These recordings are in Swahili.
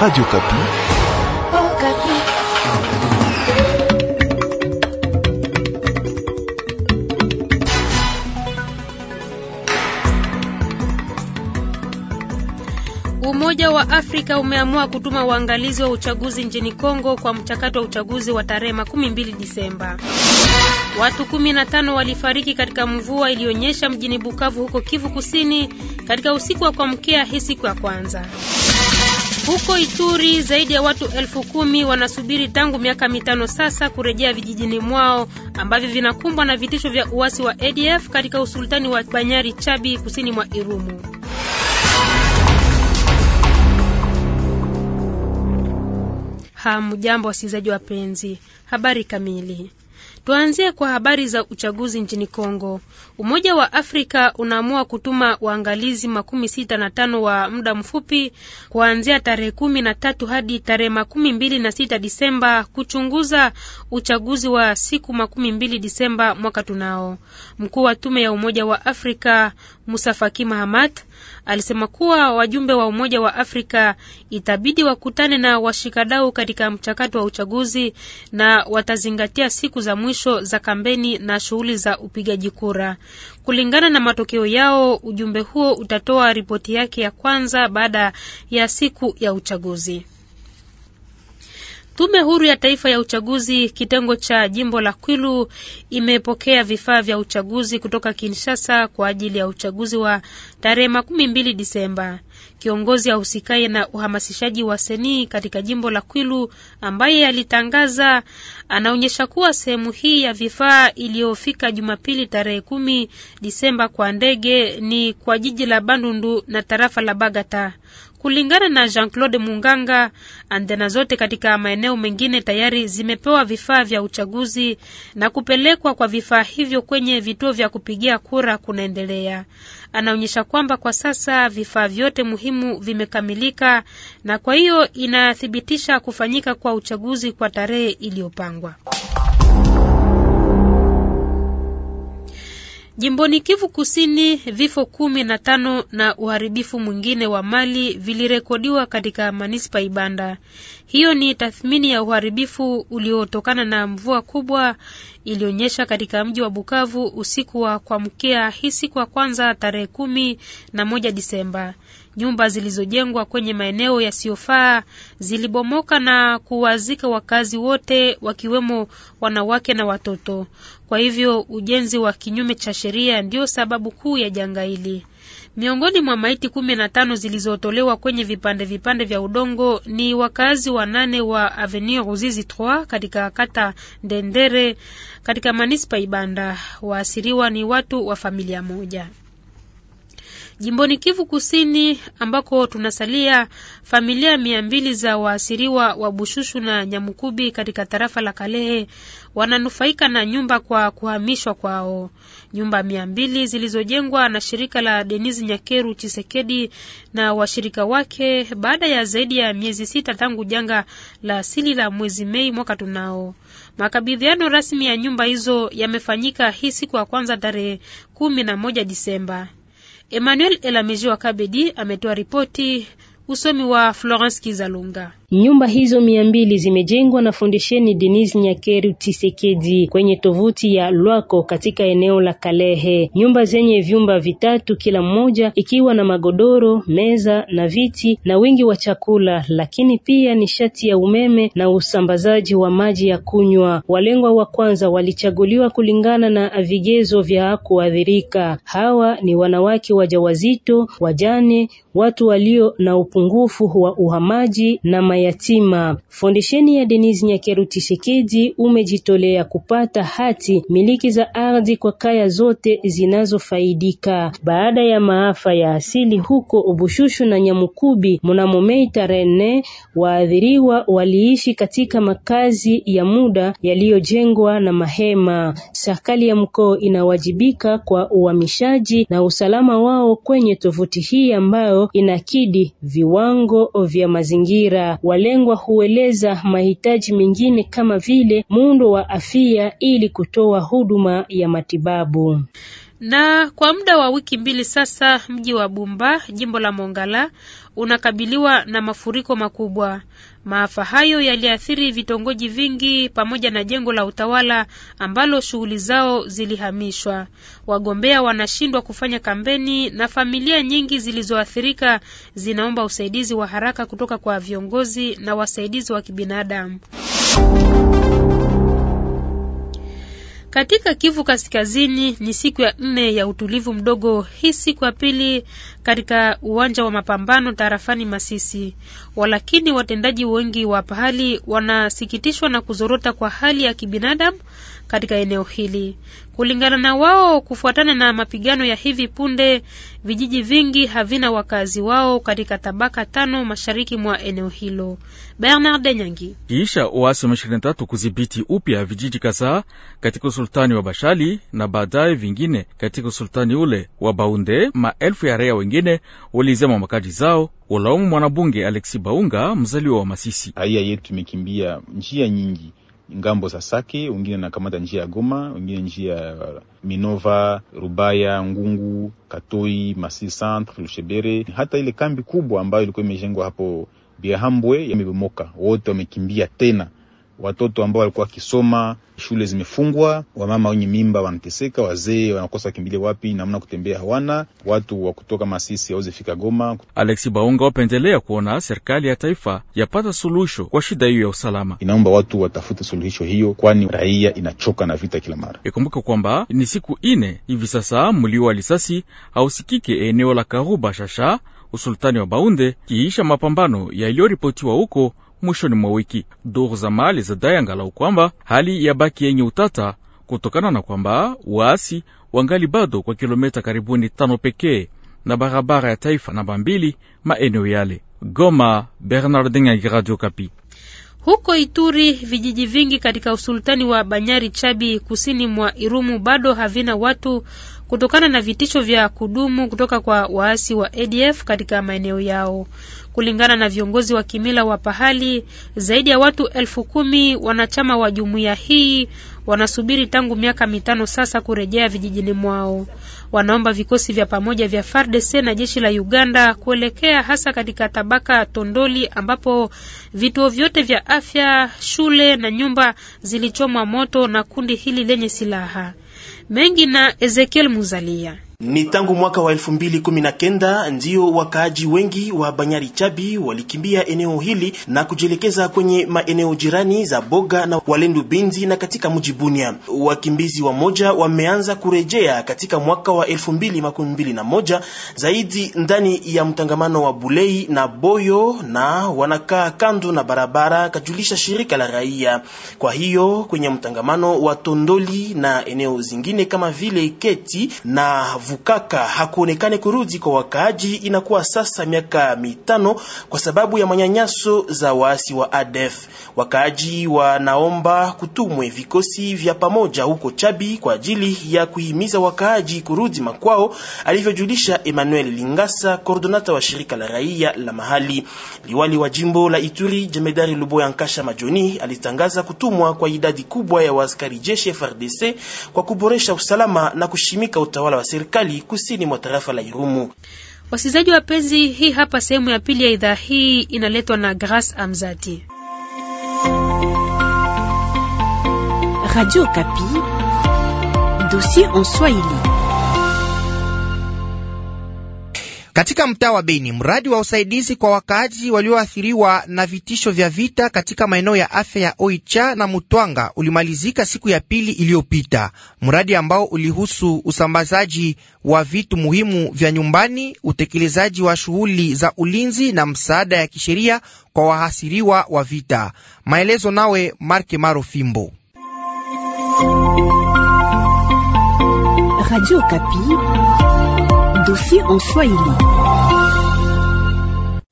Radio Kapi. Oh, Kapi. Umoja wa Afrika umeamua kutuma waangalizi wa uchaguzi nchini Kongo kwa mchakato wa uchaguzi wa tarehe 12 Disemba. Watu 15 walifariki katika mvua iliyonyesha mjini Bukavu huko Kivu Kusini katika usiku wa kuamkea hii siku ya kwanza. Huko Ituri zaidi ya watu elfu kumi wanasubiri tangu miaka mitano sasa kurejea vijijini mwao ambavyo vinakumbwa na vitisho vya uasi wa ADF katika usultani wa Banyari Chabi kusini mwa Irumu. Hamjambo wasikilizaji wapenzi, habari kamili Tuanzie kwa habari za uchaguzi nchini Kongo. Umoja wa Afrika unaamua kutuma waangalizi makumi sita na tano wa muda mfupi kuanzia tarehe kumi na tatu hadi tarehe makumi mbili na sita Disemba kuchunguza uchaguzi wa siku makumi mbili Disemba mwaka tunao. Mkuu wa tume ya Umoja wa Afrika Musa Faki Mahamat Alisema kuwa wajumbe wa Umoja wa Afrika itabidi wakutane na washikadau katika mchakato wa uchaguzi na watazingatia siku za mwisho za kampeni na shughuli za upigaji kura. Kulingana na matokeo yao, ujumbe huo utatoa ripoti yake ya kwanza baada ya siku ya uchaguzi. Tume Huru ya Taifa ya Uchaguzi kitengo cha jimbo la Kwilu imepokea vifaa vya uchaguzi kutoka Kinshasa kwa ajili ya uchaguzi wa tarehe makumi mbili Disemba kiongozi ahusikaye na uhamasishaji wa seni katika jimbo la Kwilu, ambaye alitangaza, anaonyesha kuwa sehemu hii ya vifaa iliyofika Jumapili tarehe kumi Disemba kwa ndege ni kwa jiji la Bandundu na tarafa la Bagata. Kulingana na Jean-Claude Munganga, antena zote katika maeneo mengine tayari zimepewa vifaa vya uchaguzi na kupelekwa kwa vifaa hivyo kwenye vituo vya kupigia kura kunaendelea anaonyesha kwamba kwa sasa vifaa vyote muhimu vimekamilika na kwa hiyo inathibitisha kufanyika kwa uchaguzi kwa tarehe iliyopangwa. Jimboni Kivu Kusini, vifo kumi na tano na uharibifu mwingine wa mali vilirekodiwa katika manispa Ibanda. Hiyo ni tathmini ya uharibifu uliotokana na mvua kubwa ilionyesha katika mji wa Bukavu usiku wa kuamkia hii siku ya kwanza tarehe kumi na moja Disemba. Nyumba zilizojengwa kwenye maeneo yasiyofaa zilibomoka na kuwazika wakazi wote, wakiwemo wanawake na watoto. Kwa hivyo ujenzi wa kinyume cha sheria ndio sababu kuu ya janga hili. Miongoni mwa maiti kumi na tano zilizotolewa kwenye vipande vipande vya udongo ni wakazi wanane wa Avenue Ruzizi 3 katika kata Ndendere katika manispa Ibanda. Waasiriwa ni watu wa familia moja. Jimboni Kivu Kusini ambako tunasalia, familia mia mbili za waasiriwa wa Bushushu na Nyamukubi katika tarafa la Kalehe wananufaika na nyumba kwa kuhamishwa kwao. Nyumba mia mbili zilizojengwa na shirika la Denis Nyakeru Chisekedi na washirika wake baada ya zaidi ya miezi sita tangu janga la asili la mwezi Mei mwaka tunao. Makabidhiano rasmi ya nyumba hizo yamefanyika hii siku ya kwanza tarehe kumi na moja Disemba. Emmanuel Elamezi wa Kabedi ametoa ripoti, usomi wa Florence Kizalunga. Nyumba hizo mia mbili zimejengwa na Fondesheni Denise Nyakeru Tisekedi kwenye tovuti ya Lwako katika eneo la Kalehe, nyumba zenye vyumba vitatu kila mmoja, ikiwa na magodoro, meza na viti na wingi wa chakula, lakini pia nishati ya umeme na usambazaji wa maji ya kunywa. Walengwa wa kwanza walichaguliwa kulingana na vigezo vya kuathirika. Hawa ni wanawake wajawazito, wajane, watu walio na upungufu wa uhamaji na mayatima. Fondesheni ya Denis Nyakeru Tshisekedi umejitolea kupata hati miliki za ardhi kwa kaya zote zinazofaidika baada ya maafa ya asili huko Ubushushu na Nyamukubi mnamo Mei tarehe nne, Waadhiriwa waliishi katika makazi ya muda yaliyojengwa na mahema. Serikali ya mkoa inawajibika kwa uhamishaji na usalama wao kwenye tovuti hii ambayo inakidi viwango vya mazingira. Walengwa hueleza mahitaji mengine kama vile muundo wa afya ili kutoa huduma ya matibabu. Na kwa muda wa wiki mbili sasa, mji wa Bumba, jimbo la Mongala, unakabiliwa na mafuriko makubwa. Maafa hayo yaliathiri vitongoji vingi pamoja na jengo la utawala ambalo shughuli zao zilihamishwa. Wagombea wanashindwa kufanya kampeni na familia nyingi zilizoathirika zinaomba usaidizi wa haraka kutoka kwa viongozi na wasaidizi wa kibinadamu. Katika Kivu Kaskazini ni siku ya nne ya utulivu mdogo. Hii siku ya pili katika uwanja wa mapambano tarafani Masisi. Walakini watendaji wengi wa pahali wanasikitishwa na kuzorota kwa hali ya kibinadamu katika eneo hili. Kulingana na wao, kufuatana na mapigano ya hivi punde, vijiji vingi havina wakazi wao katika tabaka tano mashariki mwa eneo hilo. Bernard Nyangi. Kiisha uasi wa m tatu kudhibiti upya vijiji kadhaa katika usultani wa Bashali na baadaye vingine katika usultani ule wa Baunde, maelfu ya raia wengine walizema makadi zao, walaumu mwanabunge Alexi Baunga, mzaliwa wa Masisi. Aia yetu tumekimbia njia nyingi ngambo za Sake, wengine nakamata njia ya Goma, wengine njia ya Minova, Rubaya, Ngungu, Katoi, Masisi Centre, Lushebere. Hata ile kambi kubwa ambayo ilikuwa imejengwa hapo Biahambwe yamebomoka, wote wamekimbia tena watoto ambao walikuwa wakisoma, shule zimefungwa, wamama wenye mimba wanateseka, wazee wanakosa wakimbilie wapi, namna kutembea hawana, watu wa kutoka Masisi hawezi fika Goma. Alexi Baunga wapendelea kuona serikali ya taifa yapata suluhisho kwa shida hiyo ya usalama. Inaomba watu watafute suluhisho hiyo, kwani raia inachoka na vita kila mara. Ikumbuke kwamba ni siku ine hivi sasa mlio wa lisasi hausikike eneo la Karuba Shasha, usultani wa Baunde, kiisha mapambano yaliyoripotiwa huko mwishoni mwa wiki. Duru za mali zadai angalau kwamba hali ya baki yenye utata kutokana na kwamba waasi wangali bado kwa kilomita karibuni tano pekee na barabara ya taifa namba mbili maeneo yale. Goma, Bernardin ya Radio Kapi. Huko Ituri, vijiji vingi katika usultani wa Banyari Chabi kusini mwa Irumu bado havina watu kutokana na vitisho vya kudumu kutoka kwa waasi wa ADF katika maeneo yao. Kulingana na viongozi wa kimila wa pahali, zaidi ya watu elfu kumi wanachama wa jumuiya hii wanasubiri tangu miaka mitano sasa kurejea vijijini mwao. Wanaomba vikosi vya pamoja vya FARDC na jeshi la Uganda kuelekea hasa katika tabaka Tondoli, ambapo vituo vyote vya afya, shule na nyumba zilichomwa moto na kundi hili lenye silaha mengi na Ezekiel Muzalia. Ni tangu mwaka wa 2019 ndio wakaaji wengi wa Banyari Chabi walikimbia eneo hili na kujielekeza kwenye maeneo jirani za Boga na Walendu Bindi na katika mji Bunia. Wakimbizi wa moja wameanza kurejea katika mwaka wa 2021 zaidi ndani ya mtangamano wa Bulei na Boyo na wanakaa kando na barabara, kajulisha shirika la raia. Kwa hiyo kwenye mtangamano wa Tondoli na eneo zingine kama vile Keti na Vukaka hakuonekane kurudi kwa wakaaji. Inakuwa sasa miaka mitano kwa sababu ya manyanyaso za waasi wa ADF. Wakaaji wanaomba kutumwe vikosi vya pamoja huko Chabi kwa ajili ya kuhimiza wakaaji kurudi makwao, alivyojulisha Emmanuel Lingasa, koordinata wa shirika la raia la mahali. Liwali wa jimbo la Ituri, jemedari Luboya Nkasha Majoni, alitangaza kutumwa kwa idadi kubwa ya waaskari jeshi FRDC kwa kuboresha usalama na kushimika utawala wa serikali serikali kusini mwa tarafa la Irumu. Wasikilizaji wapenzi, hii hapa sehemu ya pili ya idhaa hii inaletwa na Grace Amzati, Radio Kapi, dossier en Swahili. Katika mtaa wa Beni, mradi wa usaidizi kwa wakaaji walioathiriwa na vitisho vya vita katika maeneo ya afya ya Oicha na Mutwanga ulimalizika siku ya pili iliyopita, mradi ambao ulihusu usambazaji wa vitu muhimu vya nyumbani, utekelezaji wa shughuli za ulinzi na msaada ya kisheria kwa wahasiriwa wa vita. Maelezo nawe Marke Maro Fimbo. Radio Kapi dossier en Swahili.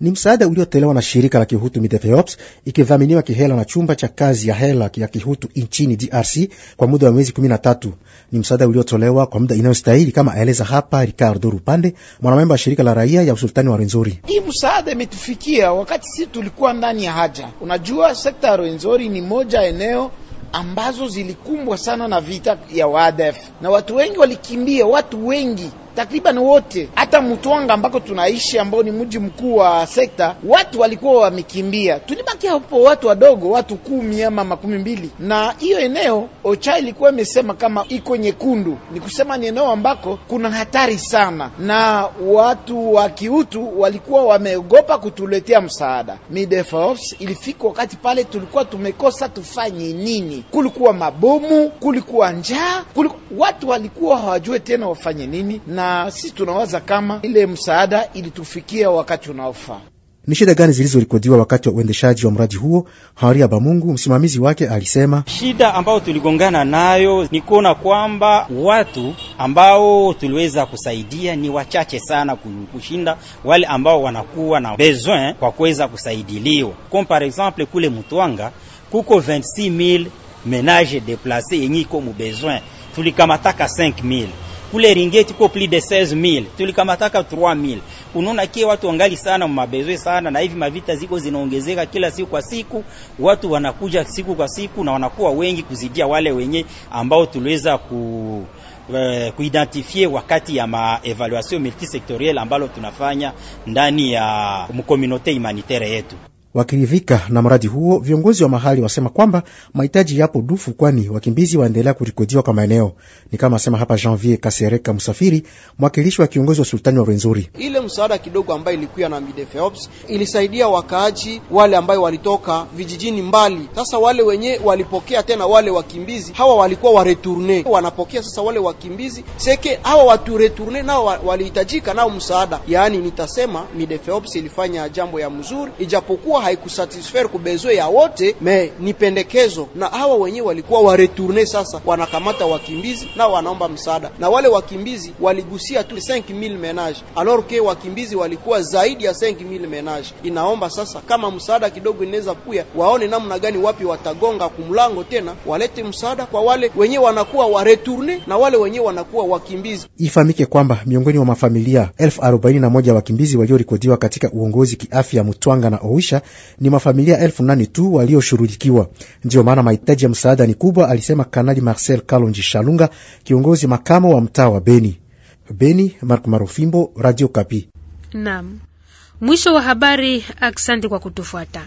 Ni msaada uliotolewa na shirika la kihutu Midefeops ikivaminiwa kihela na chumba cha kazi ya hela ya kihutu nchini DRC kwa muda wa miezi 13 Ni msaada uliotolewa kwa muda inayostahili, kama aeleza hapa Ricardo Rupande, mwanamemba wa shirika la raia ya usultani wa Rwenzori. Hii msaada imetufikia wakati sisi tulikuwa ndani ya haja. Unajua, sekta ya Rwenzori ni moja eneo ambazo zilikumbwa sana na vita ya WADF na watu wengi walikimbia, watu wengi takriban wote, hata Mutwanga ambako tunaishi, ambao ni mji mkuu wa sekta, watu walikuwa wamekimbia. Tulibaki hapo watu wadogo, watu kumi ama makumi mbili, na hiyo eneo OCHA ilikuwa imesema kama iko nyekundu, ni kusema ni eneo ambako kuna hatari sana, na watu wa kiutu walikuwa wameogopa kutuletea msaada. Midefos ilifika wakati pale tulikuwa tumekosa tufanye nini. Kulikuwa mabomu, kulikuwa njaa, kulikuwa... watu walikuwa hawajue tena wafanye nini na na sisi tunawaza kama ile msaada ilitufikia wakati unaofaa. Ni shida gani zilizorekodiwa wakati wa uendeshaji wa mradi huo? Haria Bamungu, msimamizi wake, alisema shida ambayo tuligongana nayo ni kuona kwamba watu ambao tuliweza kusaidia ni wachache sana kushinda wale ambao wanakuwa na besoin kwa kuweza kusaidiliwa. Comme par exemple kule Mutwanga kuko 26000 menage deplace yenye iko mu besoin, tulikamataka 5000 kule ringeti ko plus de 16000 tulikamataka 3000. Unaona kie watu wangali sana mabezwe sana, na hivi mavita ziko zinaongezeka kila siku kwa siku, watu wanakuja siku kwa siku na wanakuwa wengi kuzidia wale wenye ambao tuliweza ku eh, kuidentifie wakati ya maevaluation multisectorielle ambalo tunafanya ndani ya mkomunote humanitaire yetu. Wakiridhika na mradi huo, viongozi wa mahali wasema kwamba mahitaji yapo dufu, kwani wakimbizi waendelea kurikodiwa kwa maeneo. Ni kama asema hapa Janvier Kasereka Msafiri, mwakilishi wa kiongozi wa sultani wa rwenzuri Ile msaada kidogo ambayo ilikuya na midefeops ilisaidia wakaaji wale ambayo walitoka vijijini mbali. Sasa wale wenye walipokea tena wale wakimbizi hawa walikuwa wareturne, wanapokea sasa wale wakimbizi seke hawa watu returne, nao walihitajika nao msaada. Yaani nitasema midefeops ilifanya jambo ya mzuri, ijapokuwa ilikuwa haikusatisfaire kubezo ya wote, me ni pendekezo, na hawa wenyewe walikuwa wareturne Sasa wanakamata wakimbizi na wanaomba msaada, na wale wakimbizi waligusia tu 5000 menage, alors que wakimbizi walikuwa zaidi ya 5000 menage. Inaomba sasa kama msaada kidogo inaweza kuya, waone namna gani, wapi watagonga kumlango tena, walete msaada kwa wale wenyewe wanakuwa wareturne na wale wenyewe wanakuwa wakimbizi. Ifahamike kwamba miongoni mwa mafamilia elfu arobaini na moja wakimbizi waliorekodiwa katika uongozi kiafya Mutwanga na oisha ni mafamilia elfu nane tu walioshughulikiwa. Ndiyo maana mahitaji ya msaada ni kubwa, alisema Kanali Marcel Kalonji Shalunga, kiongozi makamo wa mtaa wa Beni. Beni, Mark Marofimbo, Radio Kapi. Naam, mwisho wa habari. Asante kwa kutufuata.